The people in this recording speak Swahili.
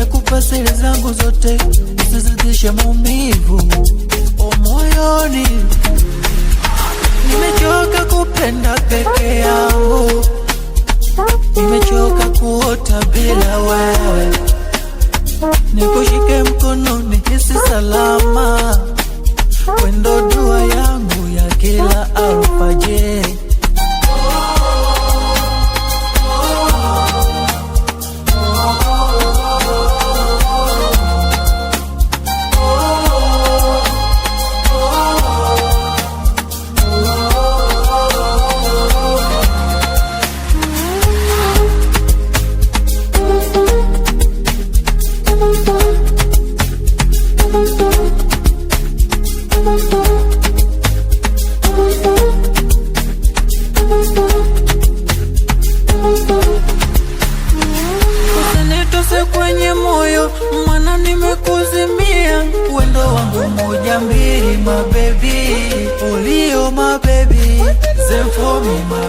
nimekupa siri zangu zote, usizidishe maumivu omoyoni Nimechoka kupenda peke yangu, nimechoka kuota bila wewe. Nikushike mkono nihisi salama wendo me.